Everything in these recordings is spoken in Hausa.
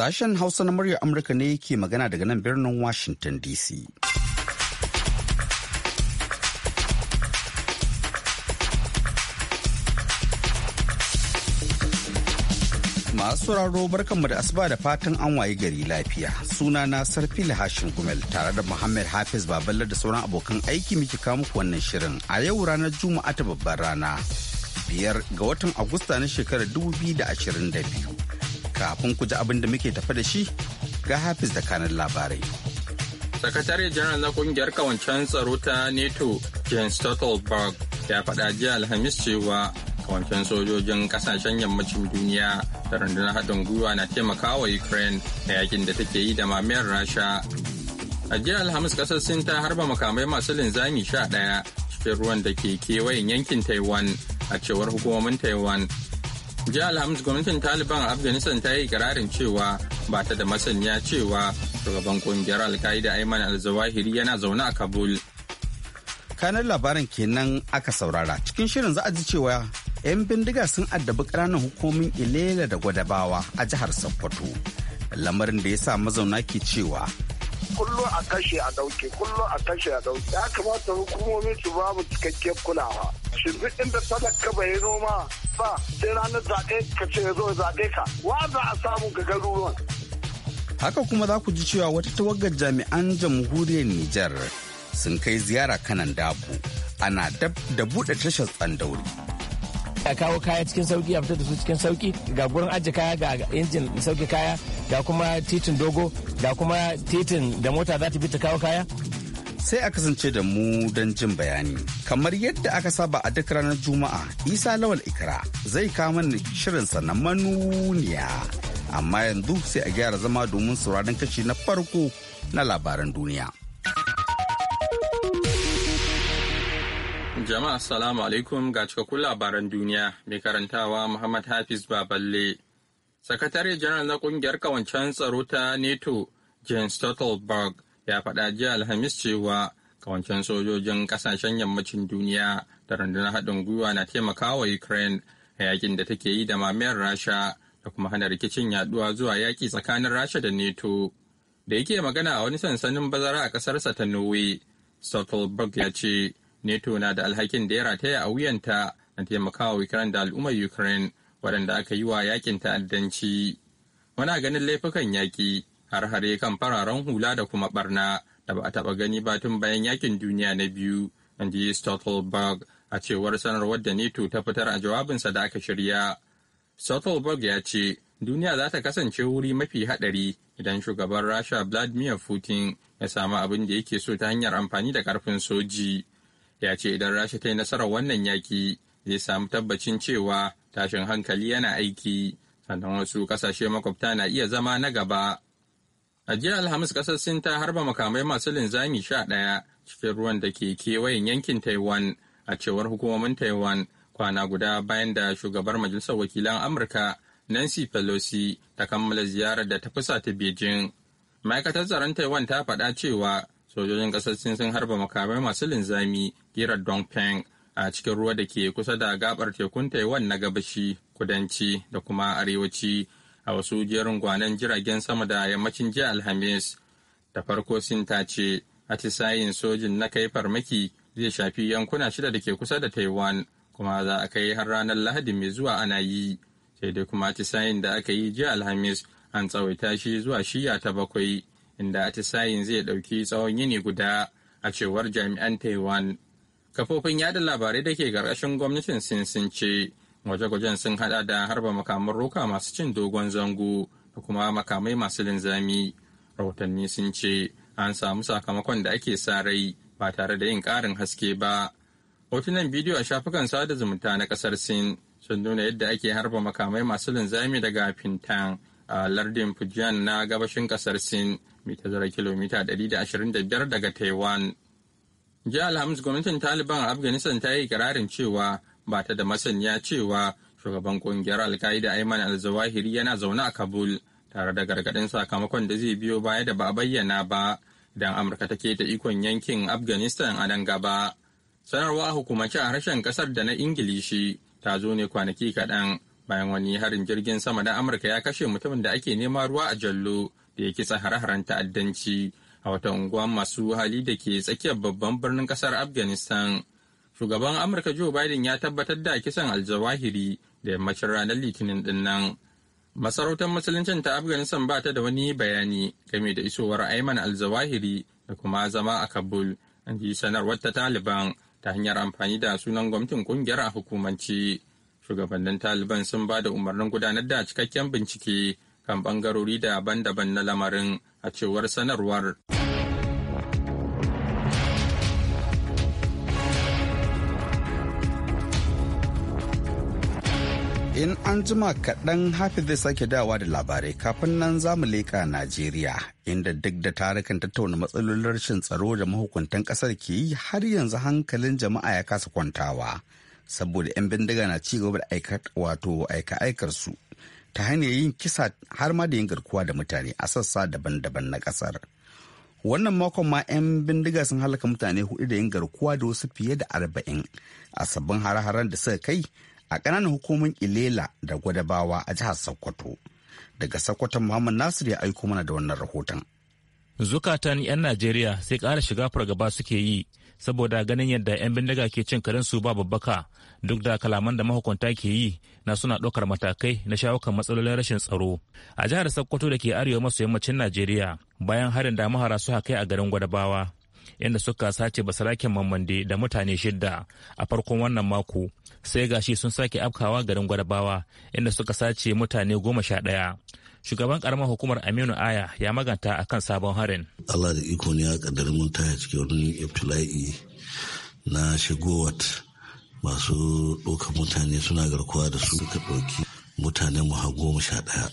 Sashen Hausa na murya Amurka ne ke magana daga nan birnin Washington DC. Masu sauraro barkanmu da asuba da fatan an waye gari lafiya. Suna na Sarfi Hashim Gumel tare da Muhammad Hafiz Babalar da sauran abokan aiki miki muke muku wannan shirin a yau ranar Juma'a ta babbar rana. Biyar ga watan Agusta na shekarar 2022. kafin ku ji abin da muke tafa da shi ga hafiz da kanan labarai. Sakatare janar na kungiyar kawancen tsaro ta NATO Jens Stoltenberg ya faɗa jiya Alhamis cewa kawancen sojojin kasashen yammacin duniya da rundunar haɗin gwiwa na taimakawa Ukraine da yakin da take yi da mamiyar Rasha. A jiya Alhamis ƙasar Sin ta harba makamai masu linzami sha ɗaya cikin ruwan da ke kewayen yankin Taiwan a cewar hukumomin Taiwan jiya alhamis gwamnatin taliban a afghanistan ta yi ikirarin cewa ba ta da masaniya cewa shugaban kungiyar alkaida ayman al-zawahiri yana zaune a kabul kanar labarin kenan aka saurara cikin shirin za a ji cewa 'yan bindiga sun addabi ƙananan hukumin ilela da gwadabawa a jihar sokoto lamarin da ya sa mazauna ke cewa kullum a kashe a dauke kullum a kashe a dauke ya kamata hukumomi su babu mu cikakken kulawa shi duk inda talaka bai noma ba sai ranar zaɓe ka ce ya zo zaɓe ka wa za a samu ga garuruwan haka kuma za ku ji cewa wata tawagar jami'an jamhuriyar Nijar sun kai ziyara kanan dabu ana da buɗe tashar tsandauri a kawo kaya cikin sauki a fitar da su cikin sauki ga gurin ajiye kaya ga injin sauke kaya ga kuma titin dogo ga kuma titin da mota za ta bi ta kawo kaya sai a kasance da mu don jin bayani kamar yadda aka saba a duk ranar juma'a isa lawal ikra zai kama ni shirinsa na manuniya amma yanzu sai a gyara zama domin sauraron kashi na farko na labaran duniya Jama'a as-salamu alaikum ga cikakkun labaran duniya mai karantawa Muhammad Hafiz Baballe. Sakatare janar na kungiyar kawancen tsaro ta NATO James Stoltenberg ya faɗa jiya Alhamis cewa kawancen sojojin ƙasashen yammacin duniya da rundunar haɗin gwiwa na taimakawa Ukraine a yakin da take yi da mamayar Rasha da kuma hana rikicin yaduwa zuwa yaƙi tsakanin Rasha da NATO. Da yake magana a wani sansanin bazara a ƙasarsa ta Norway, Stoltenberg ya ce neto na da alhakin da ya rataya a wuyanta na taimakawa ukraine da al'ummar ukraine waɗanda aka yi wa yakin ta'addanci muna ganin laifukan yaƙi har-hare kan fararen hula da kuma barna da ba a taɓa gani ba tun bayan yakin duniya na biyu in ji stottlberg a cewar sanarwar da neto ta fitar a jawabinsa da aka shirya stottlberg ya ce duniya za ta kasance wuri mafi haɗari idan shugaban rasha vladimir putin ya samu abin da yake so ta hanyar amfani da ƙarfin soji ya ce idan rasha ta yi nasarar wannan yaki zai samu tabbacin cewa tashin hankali yana aiki sannan wasu kasashe makwabta na iya zama na gaba a jiya alhamis kasar sin ta harba makamai masu linzami sha ɗaya cikin ruwan da ke kewayen yankin taiwan a cewar hukumomin taiwan kwana guda bayan da shugabar majalisar wakilan amurka nancy pelosi ta kammala ziyarar da ta fusa ta beijing ma'aikatar tsaron taiwan ta faɗa cewa sojojin ƙasar sin sun harba makamai masu linzami girar dongpeng a cikin ruwa da ke kusa da gabar tekun taiwan na gabashi kudanci da kuma arewaci a wasu jerin gwanan jiragen sama da yammacin jiya alhamis da farko sin ta ce atisayin sojin na kai farmaki zai shafi yankuna shida da ke kusa da taiwan kuma za a kai har ranar lahadi mai zuwa ana yi sai dai kuma atisayin da aka yi jiya alhamis an tsawaita shi zuwa shiya ta bakwai inda atisayin zai ɗauki tsawon yini guda a cewar jami'an taiwan kafofin yada labarai da ke ƙarƙashin gwamnatin sin sun ce gwaje-gwajen sun hada da harba makaman roka masu cin dogon zango da kuma makamai masu linzami rahotanni sun ce an samu sakamakon da ake sa rai ba tare da yin ƙarin haske ba hotunan bidiyo a shafukan sada zumunta na ƙasar sin sun nuna yadda ake harba makamai masu linzami daga fintan a lardin Fujian na gabashin kasar Sin mai tazara kilomita 125 daga Taiwan. Jiya Alhamis gwamnatin Taliban a Afghanistan ta yi kirarin cewa ba ta da masaniya cewa shugaban kungiyar alkaida Ayman al-Zawahiri yana zaune a Kabul tare da gargaɗin sakamakon da zai biyo baya da ba a bayyana ba idan Amurka take ta ikon yankin Afghanistan a nan gaba. Sanarwa a hukumace a harshen ƙasar da na Ingilishi ta zo ne kwanaki kaɗan bayan wani harin jirgin sama na amurka ya kashe mutumin da ake nema ruwa a jallo da ya kitsa hare-haren ta'addanci a wata unguwa masu hali da ke tsakiyar babban birnin kasar afghanistan shugaban amurka joe biden ya tabbatar da kisan aljawahiri da yammacin ranar litinin din nan masarautar musuluncin ta afghanistan ba ta da wani bayani game da isowar aiman aljawahiri da kuma zama a kabul an sanarwar ta taliban ta hanyar amfani da sunan gwamnatin kungiyar a hukumance shugabannin taliban sun ba da umarnin gudanar da cikakken bincike kan bangarori daban-daban na lamarin a cewar sanarwar in an jima kaɗan hafi zai sake dawa da labarai kafin nan za mu leƙa najeriya inda duk da tarukan tattauna matsalolin rashin tsaro da mahukuntan ƙasar ke yi har yanzu hankalin jama'a ya kasa kwantawa saboda 'yan bindiga na ci gaba da wato aika-aikar su ta hanyar yin kisa har ma da yin garkuwa da mutane a sassa daban-daban na kasar. Wannan makon ma 'yan bindiga sun halaka mutane hudu da yin garkuwa da wasu fiye da arba'in a sabbin har-haren da suka kai a ƙananan hukumomin Ilela da Gwadabawa a jihar Sokoto. Daga Sokoto Muhammad Nasir ya aiko mana da wannan rahoton. Zukatan 'yan Najeriya sai ƙara shiga fargaba suke yi saboda ganin yadda 'yan bindiga ke cin su ba babbaka duk da kalaman da mahukunta ke yi na suna ɗaukar matakai na shawo matsalolin rashin tsaro a jihar sokoto da ke arewa maso yammacin najeriya bayan harin da mahara su kai a garin gwadabawa inda suka sace basaraken mamande da mutane shidda a farkon wannan mako sai gashi sun sake afkawa garin gwadabawa inda suka sace mutane goma sha ɗaya shugaban karamar hukumar aminu aya ya maganta akan sabon harin allah da iko ne ya kaddara mun taya cikin wani iftila'i na shigowat masu ɗaukar mutane suna garkuwa da su ka ɗauki mutanen mu har goma sha ɗaya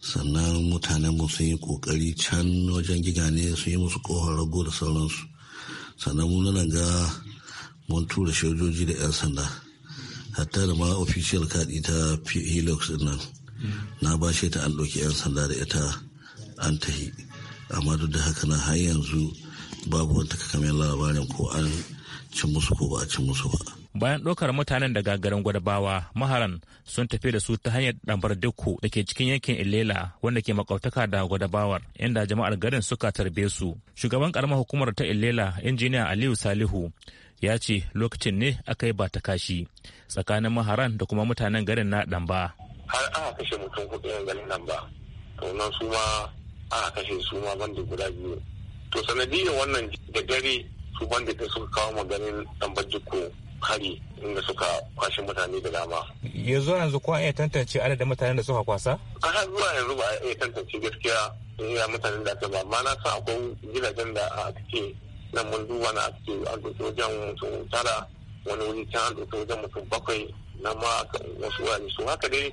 sannan mutanen mu sun yi ƙoƙari can wajen gigane sun yi musu ƙohon rago da sauransu sannan mun nan ga mun tura sojoji da 'yan sanda hatta da ma ofishiyal kaɗi ta hilux nan na shi ta an ɗauki 'yan sanda da ita an tahi amma duk da haka na har yanzu babu wata takamaiman labarin ko an ci musu ko ba a ci musu ba. Bayan ɗaukar mutanen daga garin Gwadabawa, maharan sun tafi da su ta hanyar ɗambar Dikko da ke cikin yankin Ilela wanda ke makautaka da Gwadabawar inda jama'ar garin suka tarbe su. Shugaban ƙaramar hukumar ta Ilela, injiniya Aliyu Salihu, ya ce lokacin ne aka yi ba ta kashi tsakanin maharan da kuma mutanen garin na ɗamba. har aka kashe mutum hudu yan ganin nan ba to nan su ma aka kashe su ma da guda biyu to sanadiyar wannan da dare su bandit da suka kawo maganin dan bajiko hari inda suka kwashe mutane da dama. yanzu yanzu ko an iya tantance adadin mutanen da suka kwasa? a har zuwa yanzu ba iya tantance gaskiya ya mutanen da aka ba amma na san akwai gidajen da a cike nan mun duba na a cike an doke wajen mutum tara wani wuri can an doke wajen mutum bakwai na ma wasu wurare su haka dai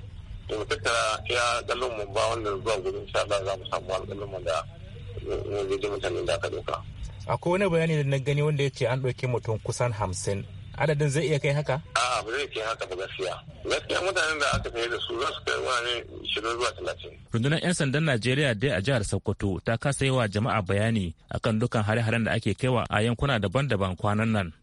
to tattara ya kallon mu ba wannan zuwa gurin insha za mu samu alƙalin mu da wajen mutanen da aka doka akwai wani bayani da na gani wanda ya ce an ɗauki mutum kusan hamsin adadin zai iya kai haka? A'a ba zai kai haka ba gaskiya. Gaskiya mutanen da aka kai da su za su kai wani shirin zuwa talatin. Rundunar 'yan sandan Najeriya dai a jihar Sokoto ta kasa yi wa jama'a bayani akan dukan hare-haren da ake kaiwa a yankuna daban-daban kwanan nan.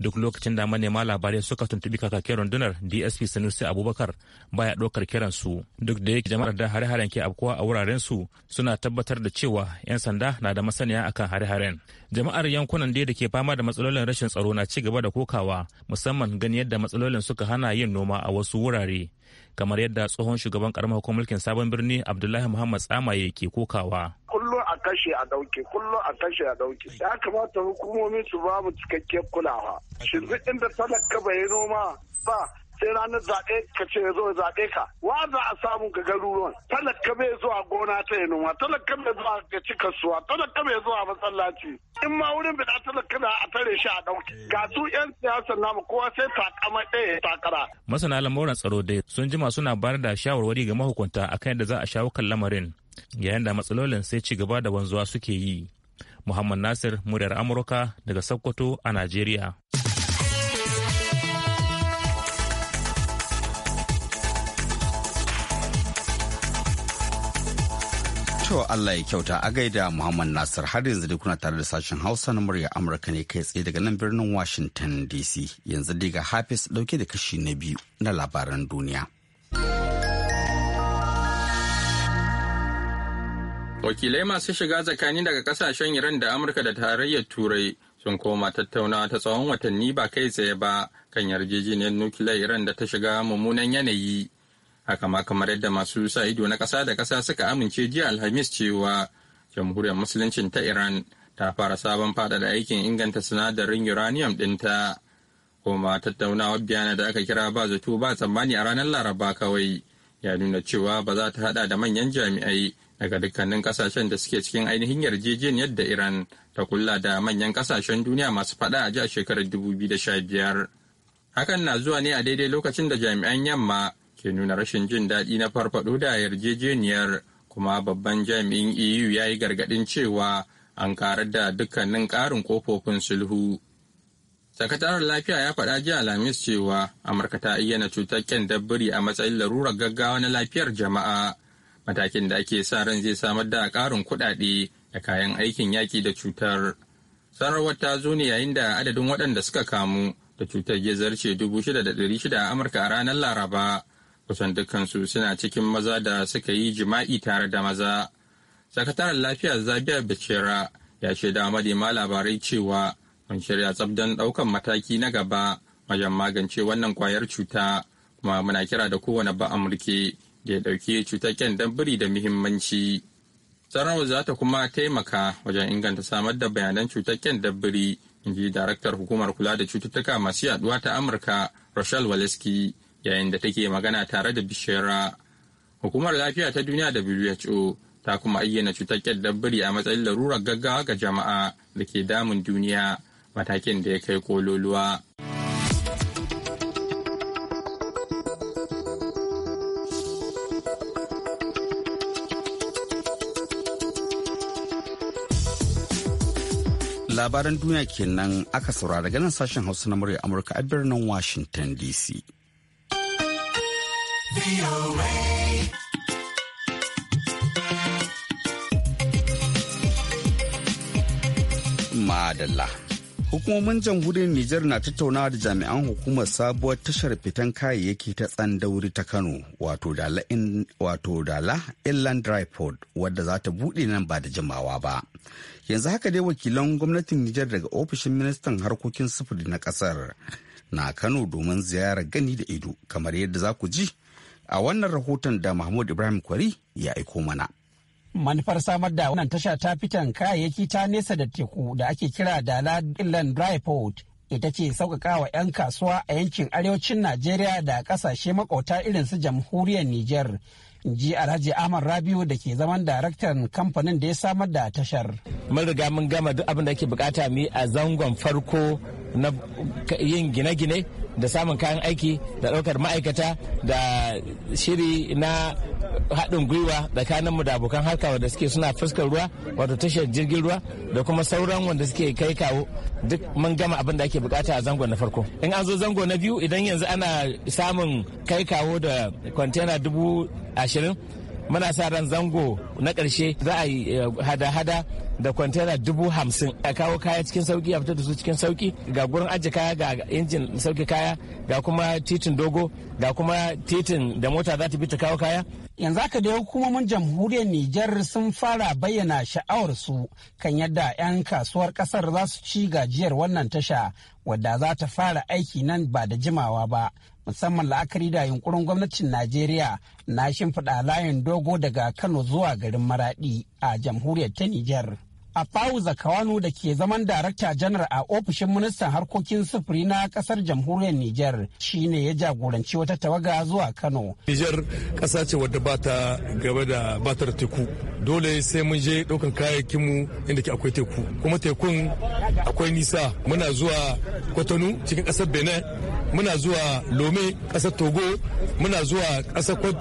duk lokacin da manema labarai suka tuntubi kakakin rundunar dsp sanusi abubakar baya ɗaukar kiran su duk da yake jama'ar da hare-haren ke abkuwa a wuraren su suna tabbatar da cewa 'yan sanda na da masaniya akan hare-haren jama'ar yankunan da ke fama da matsalolin rashin tsaro na ci gaba da kokawa musamman gani yadda matsalolin suka hana yin noma a wasu wurare kamar yadda tsohon shugaban karamar hukumar mulkin sabon birni abdullahi muhammad tsamaye ke kokawa kashe a dauke kullum a kashe a dauke ya kamata hukumomi su ba mu cikakken kulawa shi inda talaka bai noma ba sai ranar zaɓe ka ce ya zo zaɓe ka wa za a samu ga garuruwan talaka bai zuwa gona ta yi noma talaka bai zuwa ga ci kasuwa talaka bai zuwa masallaci in ma wurin da talaka da a tare shi a ɗauki ga su yan siyasar namu kowa sai takama ɗaya takara. masana lamuran tsaro dai sun jima suna bayar da shawarwari ga mahukunta akan yadda za a shawo kan lamarin yayin da matsalolin sai ci gaba da wanzuwa suke yi muhammad nasir muryar amurka daga sokoto a najeriya To Allah ya kyauta a gaida Muhammad Nasir har yanzu dai kuna tare da sashen Hausa na murya Amurka ne kai tsaye daga nan birnin Washington DC yanzu dai ga Hafiz dauke da kashi na biyu na labaran duniya. wakilai masu shiga tsakani daga kasashen iran da amurka da tarayyar turai sun koma tattaunawa ta tsawon watanni ba kai tsaye ba kan yarjejeniyar nukiliyar iran da ta shiga mummunan yanayi haka ma kamar yadda masu sa ido na kasa da kasa suka amince jiya alhamis cewa jamhuriyar musuluncin ta iran ta fara sabon fadada aikin inganta sinadarin uranium dinta kuma tattaunawar biyana da aka kira ba zato ba tsammani a ranar laraba kawai ya nuna cewa ba za ta hada da manyan jami'ai daga dukkanin kasashen da suke cikin ainihin yarjejeniyar da Iran ta kulla da manyan kasashen duniya masu fada a ji da shekarar 2015. Hakan na zuwa ne a daidai lokacin da jami'an yamma ke nuna rashin jin daɗi na farfaɗo da yarjejeniyar kuma babban jami'in EU ya yi gargaɗin cewa an karar da dukkanin ƙarin kofofin sulhu. sakataren lafiya ya faɗa jiya alhamis cewa amurka ta ayyana cutar kyan dabbiri a matsayin larurar gaggawa na lafiyar jama'a matakin da ake sa ran zai samar da ƙarin kuɗaɗe da kayan aikin yaƙi da cutar sanarwar ta zo ne yayin da adadin waɗanda suka kamu da cutar ya zarce dubu shida da ɗari shida a amurka a ranar laraba kusan dukkansu suna cikin maza da suka yi jima'i tare da maza sakataren lafiya zabiya bicera ya ce da madema labarai cewa mun shirya tsab don ɗaukan mataki na gaba wajen magance wannan kwayar cuta kuma muna kira da kowane ba amurke da ya ɗauki cutar kyan dambiri da muhimmanci. Sarrafa za ta kuma taimaka wajen inganta samar da bayanan cutar kyan dambiri in ji daraktar hukumar kula da cututtuka masu yaduwa ta Amurka Rochelle Waleski yayin da take magana tare da bishira Hukumar lafiya ta duniya da WHO ta kuma ayyana cutar kyan dambiri a matsayin larurar gaggawa ga jama'a da ke damun duniya matakin da ya kai kololuwa. Labaran duniya kenan aka saurara nan sashen Hausa na murya Amurka a birnin Washington DC. Madalla. Hukumomin jamhuriyar Nijar na tattaunawa da jami'an hukumar sabuwar tashar fitan kayayyaki ta tsandauri ta Kano, wato Dala, dala Inland Dryport, wadda za ta buɗe nan ba da jimawa ba. Yanzu haka dai wakilan gwamnatin Nijar daga ofishin ministan harkokin sufuri na ƙasar na Kano domin ziyara gani da ido, kamar yadda za ku ji a wannan rahoton da Mahmud Ibrahim Kwari ya aiko mana. manufar samar da wannan tasha ta fitan kayayyaki ta nesa da teku da ake kira da Inland Dry Port ita ce sauƙaƙawa 'yan kasuwa a yankin arewacin Najeriya da ƙasashe makauta irin su jamhuriyar Nijar. ji Alhaji Ahmad Rabiu da ke zaman daraktan kamfanin da ya samar da tashar. Mun riga mun gama duk abin da ake bukata mu a zangon farko na yin gine-gine da samun kayan aiki da ɗaukar ma'aikata da shiri na haɗin gwiwa tsakanin mu da abokan harka wanda suke suna fuskar ruwa wato tashar jirgin ruwa da kuma sauran wanda suke kai kawo duk mun gama abin da ake bukata a zango na farko in an zo zango na biyu idan yanzu ana samun kai kawo da kwantena dubu ashirin muna sa ran zango na ƙarshe za a yi eh, hada-hada da kwantena dubu hamsin a kawo kaya cikin sauki a fitar da su cikin sauki ga gurin ajiye kaya ga injin sauki kaya ga kuma titin dogo ga kuma titin da mota za ta bi ta kawo kaya yanzu haka dai hukumomin jamhuriyar Nijar sun fara bayyana sha'awar su kan yadda 'yan kasuwar kasar za su ci gajiyar wannan tasha wadda za ta fara aiki nan ba da jimawa ba musamman la'akari da yunkurin gwamnatin Najeriya na shimfiɗa layin dogo daga Kano zuwa garin Maraɗi a jamhuriyar ta Nijar. a Afawuza Kawanu da ke zaman darakta janar a ofishin ministan harkokin sufuri na kasar jamhuriyar Nijar shine ya jagoranci wata tawaga zuwa Kano. Nijar ƙasa ce wadda ba ta gaba da ba ta teku. Dole sai mun je ɗaukan kayayyakinmu inda ke akwai teku. Kuma tekun akwai nisa muna zuwa Kwatano cikin ƙasar Benin muna zuwa Lome ƙasar Togo muna zuwa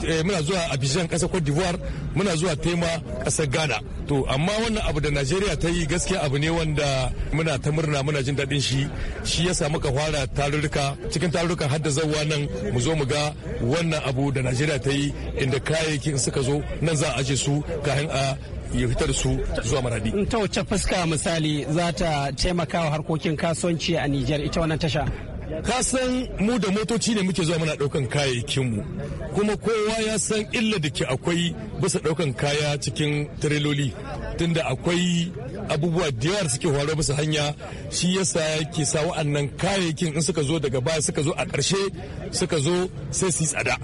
eh, muna zuwa Abidjan ƙasar Cote d'Ivoire muna zuwa Tema ƙasar Ghana. To amma wannan abu da Najeriya Najeriya ta yi gaskiya abu ne wanda muna ta murna muna jin daɗin shi shi ya samu ka fara tarurruka cikin tarurrukan hadda zawa nan mu zo mu ga wannan abu da Najeriya ta yi inda kayayyakin suka zo nan za a aje su kayan a ya fitar su zuwa maradi. Ta wace fuska misali za ta taimaka wa harkokin kasuwanci a Nijar ita wannan tasha? Ka san mu da motoci ne muke zuwa muna ɗaukan mu kuma kowa ya san illa da ke akwai bisa ɗaukan kaya cikin tireloli tunda akwai abubuwa da yawa suke faruwa bisa hanya shi yasa yake sa wa'annan kayayyakin in suka zo daga baya suka zo a ƙarshe suka zo sai su yi tsada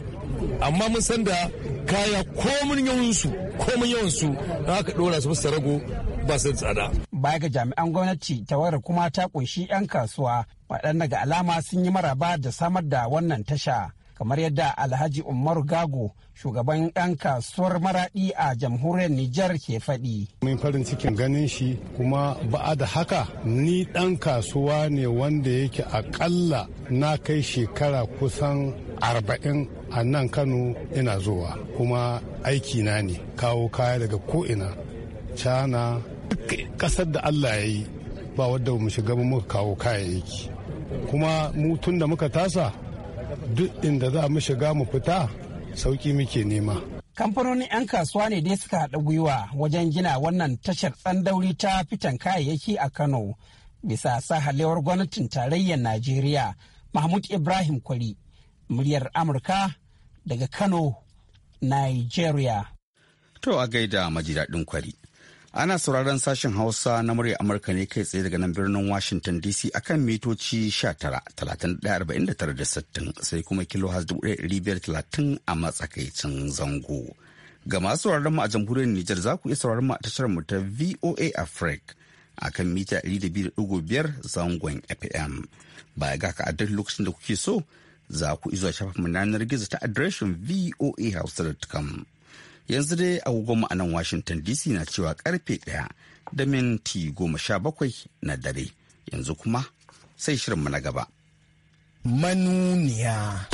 amma mun san da kaya komun yawansu komun yawansu da aka ɗora su bisa rago ba su tsada. Baya ga jami'an gwamnati tawarar kuma ta kunshi 'yan kasuwa waɗanda ga alama sun yi maraba da samar da wannan tasha. kamar yadda alhaji umar gago shugaban 'yan kasuwar maraɗi a jamhuriyar nijar ke faɗi. min farin cikin ganin shi kuma ba'a da haka ni ɗan kasuwa ne wanda yake akalla na kai shekara kusan arba'in a nan kano ina zuwa kuma aiki na ne kawo kaya daga ko'ina cana ƙasar da allah ya yi ba wadda mu shiga muka kawo kayayyaki kuma mu tun da muka tasa duk inda za mu shiga mu fita sauki muke nema. Kamfanonin 'yan kasuwa ne dai suka haɗa gwiwa wajen gina wannan tashar tsandauri ta fitan kayayyaki a Kano bisa sahalewar gwamnatin tarayyar Najeriya Mahmud Ibrahim Kwari, muryar Amurka daga Kano, Nigeria. To a gaida maji kwari. Ana sauraron sashen Hausa na murya Amurka ne kai tsaye daga nan birnin Washington DC akan mitoci 19,39,60 sai kuma kilohaz 1,530 a matsakaicin zango. Ga masu sauraron mu a jamhuriyar Nijar za ku iya sauraron mu a tashar mu ta VOA Africa akan mita 200.5 zangon FM. Baya ga ka a duk lokacin da kuke so za ku izuwa shafin mu yanar gizo ta adireshin voahausa.com. yanzu dai agogonmu a nan washington dc na cewa karfe ɗaya da minti goma sha bakwai na dare yanzu kuma sai shirinmu na gaba manuniya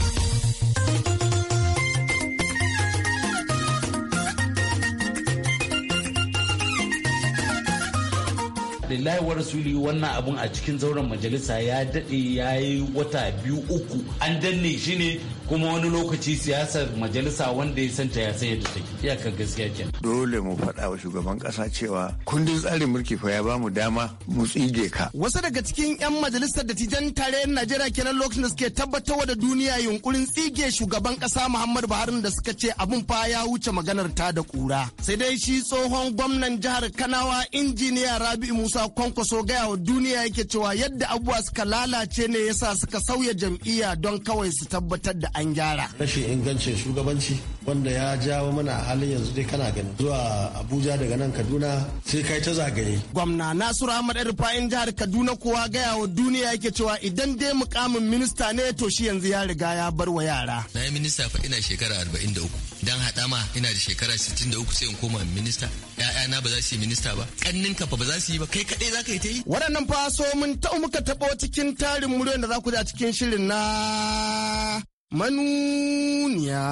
lillahi wa rasuli wannan abun a cikin zauren majalisa ya daɗe ya yi wata biyu uku an danne shi ne kuma wani lokaci siyasar majalisa wanda ya santa ya sai da take iyakar gaskiya ke dole mu faɗa wa shugaban ƙasa cewa kundin tsarin mulki fa ya bamu dama mu tsige ka wasu daga cikin yan majalisar dattijan tarayyar Najeriya kenan lokacin da suke tabbatarwa da duniya yunkurin tsige shugaban ƙasa muhammad Buhari da suka ce abun fa ya wuce maganar ta da kura sai dai shi tsohon gwamnan jihar Kanawa injiniya Rabi'u Musa Kwankwaso gaya wa duniya yake cewa yadda abubuwa suka lalace ne yasa suka sauya jam'iyya don kawai su tabbatar da an gyara. Rashin ingancin shugabanci wanda ya jawo mana halin yanzu dai kana gani zuwa Abuja daga nan Kaduna sai kai ta zagaye. Gwamna Nasiru Ahmad Rufa'in jihar Kaduna kowa gaya wa duniya yake cewa idan dai mukamin minista ne to shi yanzu ya riga ya bar wa yara. Na yi minista fa ina shekara 43 dan haɗa ma ina da shekara 63 sai in koma minista. ‘Ya'yana ba za su yi minista ba, ƙanninka fa ba za su yi ba, kai kaɗai za ka yi ta yi. Waɗannan fa so mun ta muka taɓo cikin tarin muryar da za ku ji a cikin shirin na manuniya.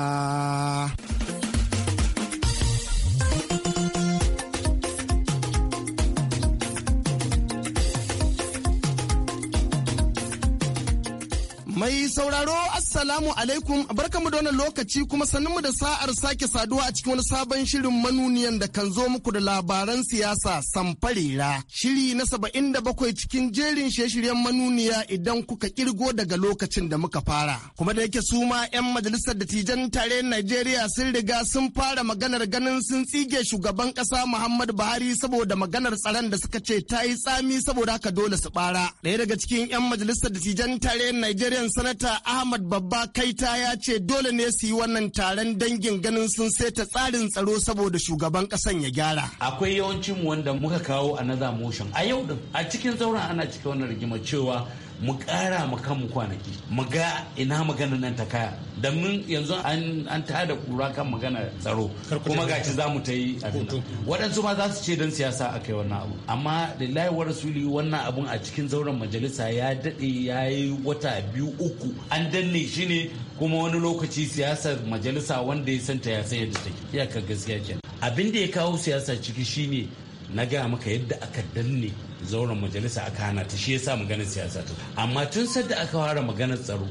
Mai sauraro Assalamu alaikum barkamu da wannan lokaci kuma mu da sa'ar sake saduwa a cikin wani sabon shirin manuniyan da kan zo muku da labaran siyasa samfarera. Shiri na saba'in da bakwai cikin jerin shirye-shiryen manuniya idan kuka kirgo daga lokacin da muka fara. Kuma da yake su ma 'yan majalisar dattijan tare Najeriya sun riga sun fara maganar ganin sun tsige shugaban kasa Muhammadu Buhari saboda maganar tsaron da suka ce ta yi tsami saboda haka dole su bara. Ɗaya daga cikin 'yan majalisar dattijan tare Najeriya sanata ahmad babba kaita ya ce dole ne su yi wannan taron dangin ganin sun saita tsarin tsaro saboda shugaban kasan ya gyara akwai yawancin wanda muka kawo a Naza motion a yau din a cikin zauren ana cikin wannan rigima cewa mu ƙara mu kanmu kwanaki mu ga ina magana nan ta kaya domin yanzu an tada kura kan magana tsaro kuma gaci za mu ta yi abin waɗansu ma za su ce don siyasa aka yi wannan abu amma lillahi wa rasuli wannan abun a cikin zauren majalisa ya daɗe ya yi wata biyu uku an danne shi ne kuma wani lokaci siyasar majalisa wanda ya santa ya sayar yadda take ke. gaskiya kenan abin da ya kawo siyasa ciki shine na gaya maka yadda aka danne zauren majalisa aka hana ta shi yasa maganar siyasa ta amma tun sadda aka fara maganar tsaro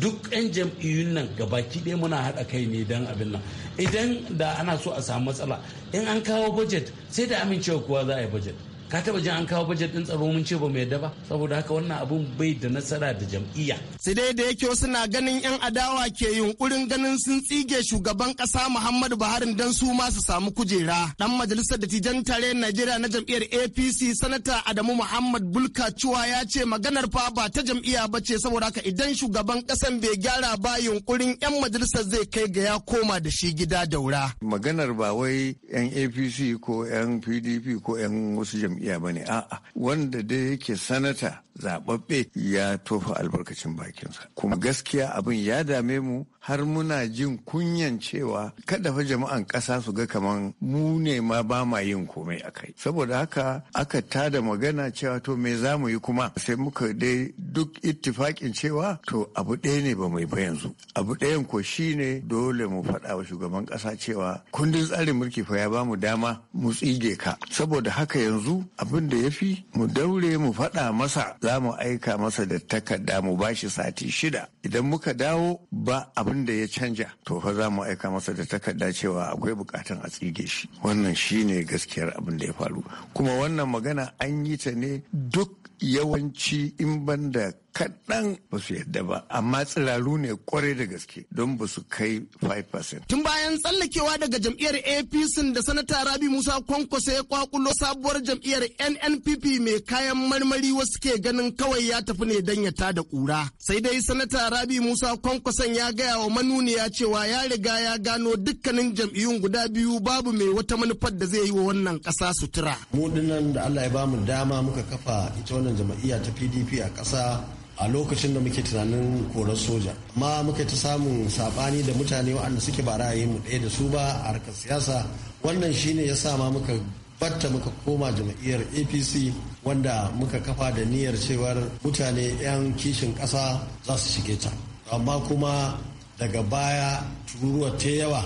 duk 'yan jam'iyyun nan ga baki ɗaya muna haɗa kai ne don abin nan idan da ana so a samu matsala in an kawo budget sai da amincewa kowa za a yi budget ka taba jin an kawo bajet din tsaro mun ce ba mu yadda saboda haka wannan abun bai da nasara da jam'iyya sai dai da yake wasu na ganin yan adawa ke yunkurin ganin sun tsige shugaban kasa Muhammadu Buhari dan su ma su samu kujera dan majalisar dattijan tare Najeriya na jam'iyyar APC sanata Adamu Muhammad Bulka Cuwa ya ce maganar fa ba ta jam'iyya ba ce saboda haka idan shugaban kasan bai gyara ba yunkurin yan majalisar zai kai ga ya koma da shi gida daura maganar ba wai yan APC ko yan PDP ko yan wasu jam'iyya Ya ba a'a wanda dai yake sanata zaɓaɓɓe ya tofa albarkacin bakinsa kuma gaskiya abin ya dame mu har muna jin kunyan cewa kada fa jama'an ƙasa su ga kaman mu ne ma ba ma yin komai a kai saboda haka aka tada magana cewa to me za mu yi kuma sai muka dai duk ittifakin cewa to abu ɗaya ne ba mai ba yanzu abu ɗayan ko shi ne dole mu faɗa wa shugaban ƙasa cewa kundin tsarin mulki fa ya ba mu dama mu tsige ka saboda haka yanzu abin da ya fi mu daure mu faɗa masa za mu aika masa da takarda mu bashi sati shida idan muka dawo ba abu abin da ya canja to fa za mu aika masa da takarda cewa akwai bukatan a tsige shi wannan shine gaskiyar abin da ya faru kuma wannan magana an yi ta ne duk yawanci in banda kaɗan ba su yadda ba amma tsiraru ne kwarai da gaske don ba su kai 5%. Tun bayan tsallakewa daga jam'iyyar APC da sanata Rabi Musa Kwankwasa ya kwakulo sabuwar jam'iyyar NNPP mai kayan marmari wasu ke ganin kawai ya tafi ne don ya tada kura. Sai dai sanata Rabi Musa Kwankwason ya gaya wa manuniya cewa ya riga ya gano dukkanin jam'iyyun guda biyu babu mai wata manufar da zai yi wa wannan ƙasa sutura. Mu dinnan da Allah ya bamu dama muka kafa ita wannan jam'iyya ta pdp a ƙasa a lokacin da muke tunanin korar soja amma muka ta samun sabani da mutane waɗanda suke ba ra'ayin mu ɗaya da su ba a harkar siyasa wannan shine ya sa ma muka batta muka koma jam'iyyar apc wanda muka kafa da niyyar cewar mutane 'yan kishin ƙasa za su shige ta amma kuma daga baya tururuwa ta yawa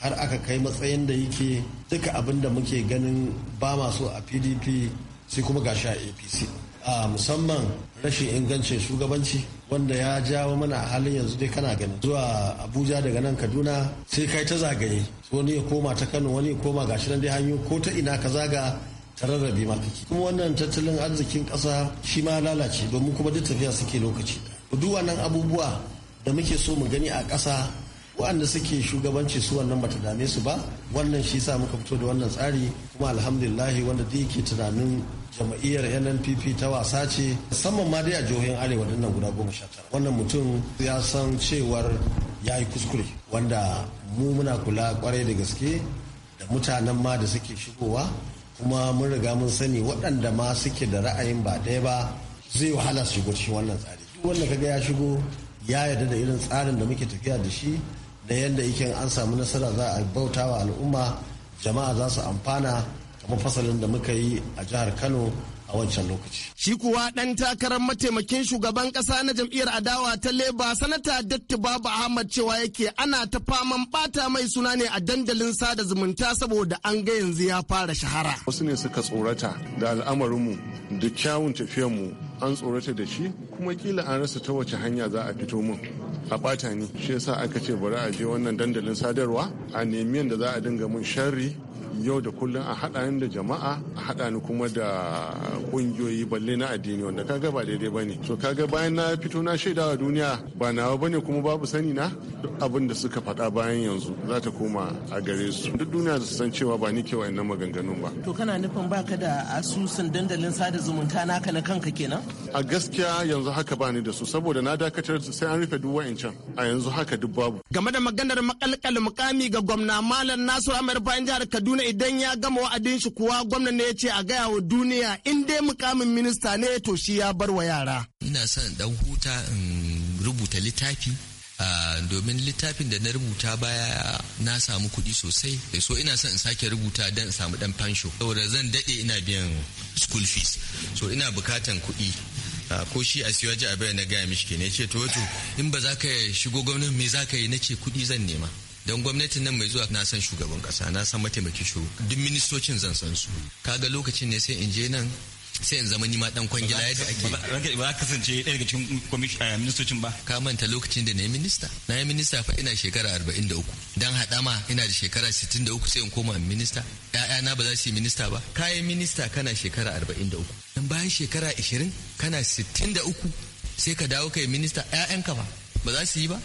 har aka kai matsayin da yake duka abin da muke ganin ba masu a pdp sai kuma gashi a apc a musamman rashin ingancin shugabanci wanda ya jawo mana a halin yanzu dai kana gani zuwa abuja daga nan kaduna sai kai ta zagaye wani ya koma ta kano wani ya koma gashi nan dai hanyo ko ta ina ka zaga ta rarrabe ma kake kuma wannan tattalin arzikin ƙasa shi ma lalace domin kuma duk tafiya suke lokaci duk wannan abubuwa da muke so mu gani a ƙasa waɗanda suke shugabanci su wannan bata dame su ba wannan shi sa muka fito da wannan tsari kuma alhamdulillahi wanda duk yake tunanin jama'iyyar nnpp ta wasa ce musamman ma dai a jihohin arewa nan guda goma sha tara wannan mutum ya san cewar ya yi kuskure wanda mu muna kula kwarai da gaske da mutanen ma da suke shigowa kuma mun riga mun sani waɗanda ma suke da ra'ayin ba ɗaya ba zai wahala su shigo cikin wannan tsari duk wanda kaga ya shigo ya yarda da irin tsarin da muke tafiya da shi da yadda yake an samu nasara za a bautawa al'umma jama'a za su amfana kamar fasalin da muka yi a jihar kano a wancan lokaci. Shi kuwa ɗan takarar mataimakin shugaban ƙasa na jam'iyyar adawa ta leba sanata Datti Babu Ahmad cewa yake ana ta faman ɓata mai suna ne a dandalin sada zumunta saboda an ga yanzu ya fara shahara. Wasu ne suka tsorata da al'amarinmu da kyawun tafiyarmu an tsorata da shi kuma kila an rasa ta wace hanya za a fito min. a ɓata ni shi yasa aka ce bari a je wannan dandalin sadarwa a nemi yadda za a dinga mun sharri yau da kullum a haɗa ni da jama'a a haɗa ni kuma da ƙungiyoyi balle na addini wanda kaga ba daidai bane to kaga bayan na fito na shaida wa duniya ba nawa bane kuma babu sani na abin da suka faɗa bayan yanzu za ta koma a gare su duk duniya su san cewa ba ni ke wa'annan maganganun ba to kana nufin baka da asusun dandalin sada zumunta naka na kanka kenan a gaskiya yanzu haka ba ni da su saboda na dakatar sai an rufe duk wa'ancan a yanzu haka duk babu game da maganar makalkal mukami ga gwamna malam nasu amir bayan jihar kaduna idan ya gama wa'adin shi kuwa gwamna ne ya ce a gaya wa duniya in dai mukamin minista ne to shi ya bar wa yara. Ina son dan huta in rubuta littafi domin littafin da na rubuta baya na samu kuɗi sosai so ina son in sake rubuta don in samu dan fansho saboda zan daɗe ina biyan school fees so ina bukatan kuɗi ko shi a siwaji a na gaya mishi ne ce to in ba za ka shigo gwamnati me za ka yi na ce kuɗi zan nema don gwamnatin nan mai zuwa na san shugaban kasa na san mataimakin shugaban duk ministocin zan san su kaga lokacin ne sai in je nan sai in zama nima dan kwangila yadda ake ba za ka kasance ɗaya daga cikin eh, ministocin ba ka manta lokacin da na yi minista na yi minista fa ina shekara arba'in da uku ma haɗama ina da shekara sittin da uku sai in koma minista ƴaƴana ba za su yi minista ba ka yi minista kana shekara arba'in da uku dan bayan shekara ishirin kana sittin da uku sai ka dawo ka yi minista ƴaƴanka ba ba za su yi ba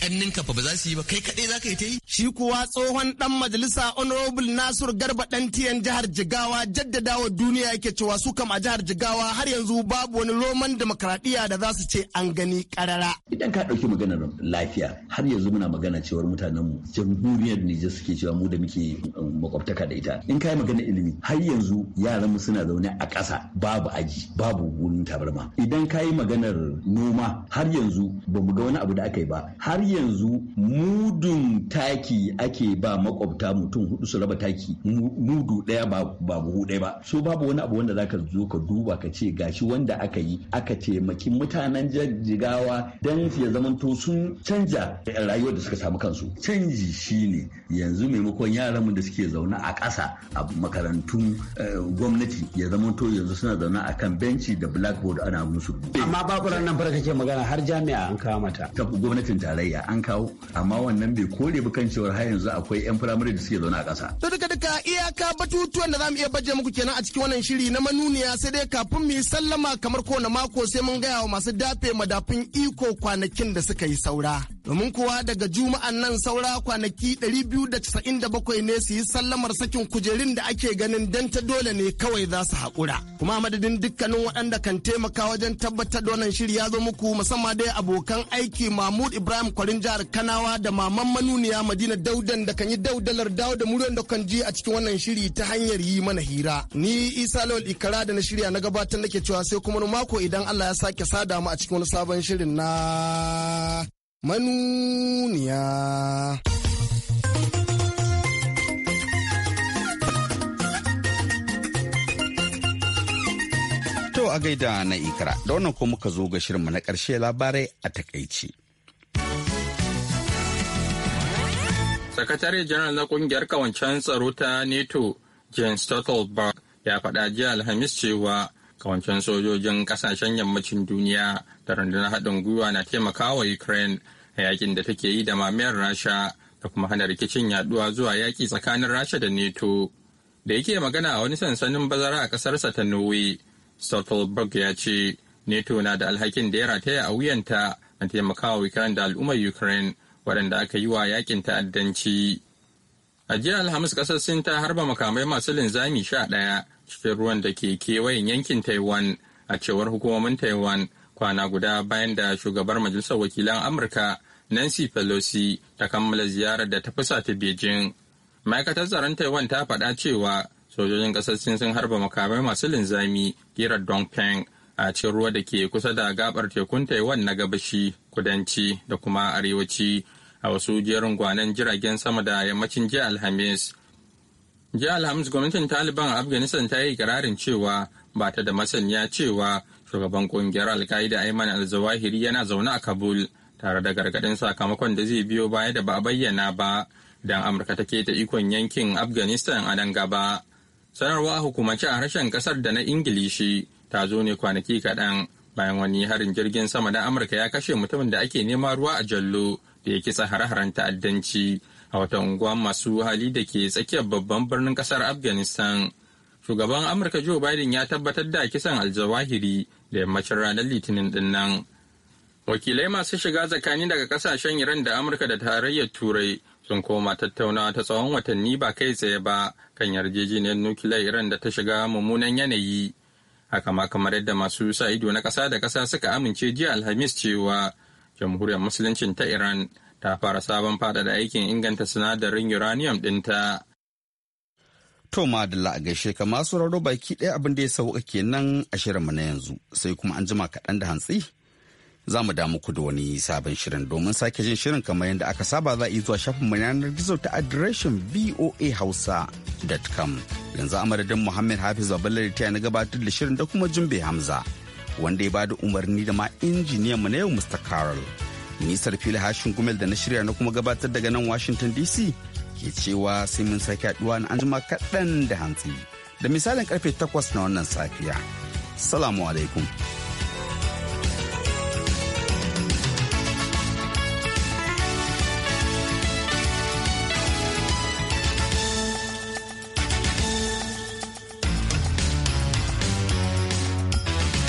kannin ka ba za su yi ba kai kaɗai za ka yi ta yi. Shi kuwa tsohon ɗan majalisa Honorable Nasiru Garba ɗan tiyan jihar Jigawa jaddadawa duniya yake cewa su kam a jihar Jigawa har yanzu babu wani roman demokaradiyya da za su ce an gani karara Idan ka ɗauki maganar lafiya har yanzu muna magana cewar mutanenmu jamhuriyar Nijar suke cewa mu da muke um, makwabtaka da ita. In ka yi maganar ilimi har yanzu yaranmu suna zaune a ƙasa babu aji babu wurin tabarma. Idan ka yi maganar noma har yanzu ba mu ga wani abu da aka yi ba har yanzu mudun taki ake ba makwabta mutum hudu su raba taki mudu daya ba buhu daya ba so babu wani abu wanda zaka zo ka duba ka ce gashi wanda aka yi aka taimaki mutanen jigawa dan ya zamanto sun canja rayuwar da suka samu kansu canji shine yanzu maimakon yaran mu da suke zaune a ƙasa a makarantun eh, gwamnati ya to yanzu suna zaune a kan benci da blackboard ana musu amma babu nan fara ke magana har jami'a an kama ta gwamnatin tarayya ya an kawo amma wannan bai kore ba kan cewar har yanzu akwai yan firamare da suke zaune a ƙasa. to duka duka iyaka batutuwan da za mu iya baje muku kenan a cikin wannan shiri na manuniya sai dai kafin mu yi sallama kamar kowane mako sai mun gaya wa masu dafe madafin iko kwanakin da suka yi saura. domin kuwa daga juma'an nan saura kwanaki 297 ne su yi sallamar sakin kujerun da ake ganin dan ta dole ne kawai za su haƙura kuma madadin dukkanin waɗanda kan taimaka wajen tabbatar da wannan shiri ya zo muku musamman dai abokan aiki mahmud ibrahim kwarin jihar kanawa da maman manuniya madina daudan da kan yi daudalar dawo da muryar da kan ji a cikin wannan shiri ta hanyar yi mana hira ni isa lawal ikara da na shirya na gabatar nake cewa sai kuma mako idan allah ya sake sada mu a cikin wani sabon shirin na manuniya. To a gaida na ikara, da wannan ko muka zo ga shirinmu na ƙarshe labarai a takaici. Sakatare janar na kungiyar kawancen tsaro ta NATO, Jens Stoltenberg, ya faɗa jiya Alhamis cewa Kawancin sojojin kasashen yammacin duniya da rundunar haɗin gwiwa na taimakawa ukraine a yakin da take yi da mamayar rasha da kuma hana rikicin yaduwa zuwa yaƙi tsakanin rasha da neto da yake magana a wani sansanin bazara a ƙasarsa ta norway stoltenberg ya ce neto na da alhakin da ya rataya a wuyanta na taimakawa ukraine da al'ummar ukraine waɗanda aka yi wa yakin ta'addanci a jiya alhamis ƙasar sin ta harba makamai masu linzami sha ɗaya cikin ruwan da ke kewayen yankin taiwan a cewar hukumomin taiwan kwana guda bayan da shugabar majalisar wakilan amurka nancy pelosi ta kammala ziyarar da ta fusa ta beijing ma'aikatar tsaron taiwan ta faɗa cewa sojojin ƙasar sin sun harba makamai masu linzami kirar dongpeng a cikin ruwa da ke kusa da gabar tekun taiwan na gabashi kudanci da kuma arewaci a wasu jerin gwanan jiragen sama da yammacin jiya alhamis jiya alhamis gwamnatin taliban a afghanistan ta yi kirarin cewa ba ta da masaniya cewa shugaban kungiyar alkaida ayman al-zawahiri yana zaune a kabul tare da gargaɗin sakamakon da zai biyo baya da ba a bayyana ba don amurka take ta ikon yankin afghanistan a nan gaba sanarwa a hukumance a harshen kasar da na ingilishi ta zo ne kwanaki kaɗan bayan wani harin jirgin sama da amurka ya kashe mutumin da ake neman ruwa a jallo da ya kisa hare-haren ta'addanci a wata unguwa masu hali da ke tsakiyar babban birnin kasar afghanistan shugaban amurka joe biden ya tabbatar da kisan aljawahiri da yammacin ranar litinin din wakilai masu shiga tsakani daga kasashen iran da amurka da tarayyar turai sun koma tattaunawa ta tsawon watanni ba kai tsaye ba kan yarjejeniyar nukiliyar iran da ta shiga mummunan yanayi haka ma kamar yadda masu sa ido na kasa da kasa suka amince jiya alhamis cewa jamhuriyar musuluncin ta iran ta fara sabon faɗaɗa aikin inganta sinadarin uranium ɗinta. To madalla a gaishe ka masu raro baki ɗaya abin da ya sauka kenan a shirinmu na yanzu sai kuma an jima kaɗan da hantsi za mu damu ku da wani sabon shirin domin sake jin shirin kamar yadda aka saba za a yi zuwa shafin yanar gizo ta adireshin voahausa.com yanzu a madadin muhammad hafiz babalari ta na gabatar da shirin da kuma jimbe hamza wanda ya bada umarni da ma injiniyan mu na yau mr carol Nisar fili hashin gumel da na shirya na kuma gabatar daga nan Washington DC ke cewa sai mun sake haɗuwa na anjima kaɗan da hantsi. Da misalin karfe takwas na wannan safiya. Salamu alaikum.